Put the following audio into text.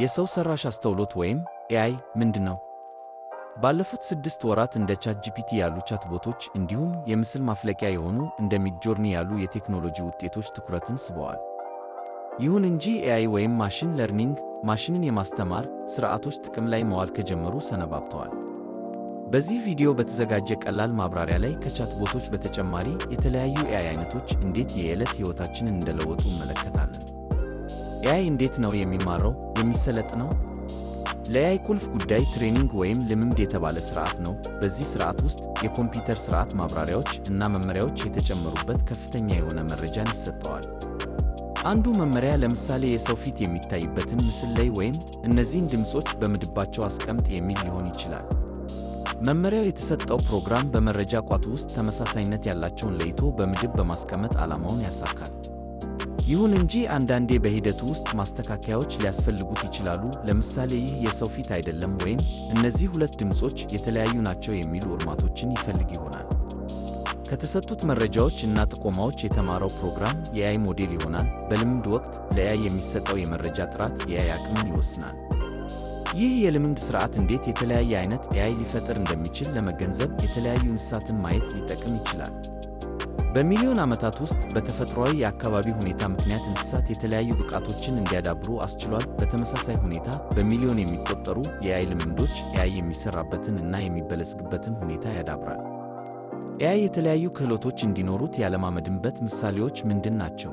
የሰው ሰራሽ አስተውሎት ወይም ኤአይ ምንድን ነው? ባለፉት ስድስት ወራት እንደ ቻትጂፒቲ ያሉ ቻትቦቶች እንዲሁም የምስል ማፍለቂያ የሆኑ እንደ ሚድጆርኒ ያሉ የቴክኖሎጂ ውጤቶች ትኩረትን ስበዋል። ይሁን እንጂ ኤአይ ወይም ማሽን ለርኒንግ ማሽንን የማስተማር ስርዓቶች ጥቅም ላይ መዋል ከጀመሩ ሰነባብተዋል። በዚህ ቪዲዮ በተዘጋጀ ቀላል ማብራሪያ ላይ ከቻትቦቶች በተጨማሪ የተለያዩ ኤአይ አይነቶች እንዴት የዕለት ሕይወታችንን እንደለወጡ እንመለከታለን። ኤአይ እንዴት ነው የሚማረው የሚሰለጥነው? ለኤአይ ቁልፍ ጉዳይ ትሬኒንግ ወይም ልምምድ የተባለ ስርዓት ነው። በዚህ ስርዓት ውስጥ የኮምፒውተር ስርዓት ማብራሪያዎች እና መመሪያዎች የተጨመሩበት ከፍተኛ የሆነ መረጃን ይሰጠዋል። አንዱ መመሪያ ለምሳሌ የሰው ፊት የሚታይበትን ምስል ላይ ወይም እነዚህን ድምፆች በምድባቸው አስቀምጥ የሚል ሊሆን ይችላል። መመሪያው የተሰጠው ፕሮግራም በመረጃ ቋቱ ውስጥ ተመሳሳይነት ያላቸውን ለይቶ በምድብ በማስቀመጥ ዓላማውን ያሳካል። ይሁን እንጂ አንዳንዴ በሂደቱ ውስጥ ማስተካከያዎች ሊያስፈልጉት ይችላሉ። ለምሳሌ ይህ የሰው ፊት አይደለም ወይም እነዚህ ሁለት ድምፆች የተለያዩ ናቸው የሚሉ እርማቶችን ይፈልግ ይሆናል። ከተሰጡት መረጃዎች እና ጥቆማዎች የተማረው ፕሮግራም የአይ ሞዴል ይሆናል። በልምድ ወቅት ለአይ የሚሰጠው የመረጃ ጥራት የአይ አቅምን ይወስናል። ይህ የልምድ ስርዓት እንዴት የተለያየ አይነት ኤአይ ሊፈጥር እንደሚችል ለመገንዘብ የተለያዩ እንስሳትን ማየት ሊጠቅም ይችላል። በሚሊዮን ዓመታት ውስጥ በተፈጥሯዊ የአካባቢ ሁኔታ ምክንያት እንስሳት የተለያዩ ብቃቶችን እንዲያዳብሩ አስችሏል። በተመሳሳይ ሁኔታ በሚሊዮን የሚቆጠሩ የኤአይ ልምምዶች ኤአይ የሚሰራበትን እና የሚበለጽግበትን ሁኔታ ያዳብራል። ኤአይ የተለያዩ ክህሎቶች እንዲኖሩት ያለማመድንበት ምሳሌዎች ምንድን ናቸው?